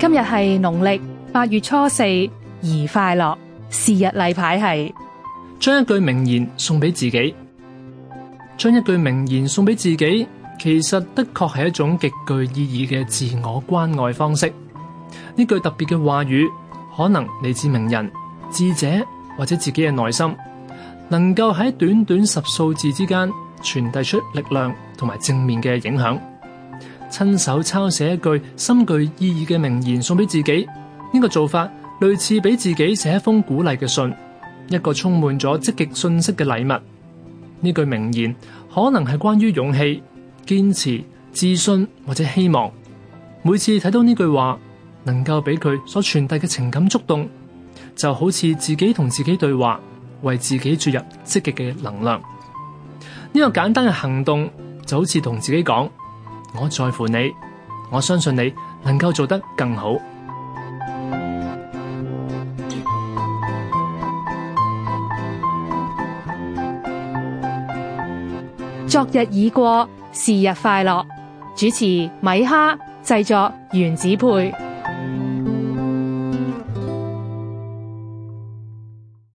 今日係農曆八月初四，宜快樂。是日例牌係將一句名言送俾自己，將一句名言送俾自己，其實的確係一種極具意義嘅自我關愛方式。呢句特別嘅話語，可能嚟自名人、智者或者自己嘅內心，能夠喺短短十數字之間傳遞出力量同埋正面嘅影響。親手抄寫一句深具意義嘅名言送俾自己，呢個做法類似俾自己寫一封鼓勵嘅信，一個充滿咗積極訊息嘅禮物。呢句名言可能係關於勇氣、堅持、自信或者希望。每次睇到呢句話，能夠俾佢所傳遞嘅情感觸動，就好似自己同自己對話，為自己注入積極嘅能量。呢、這個簡單嘅行動就好似同自己講，我在乎你，我相信你能夠做得更好。昨日已過，是日快樂。主持米哈，製作原子配。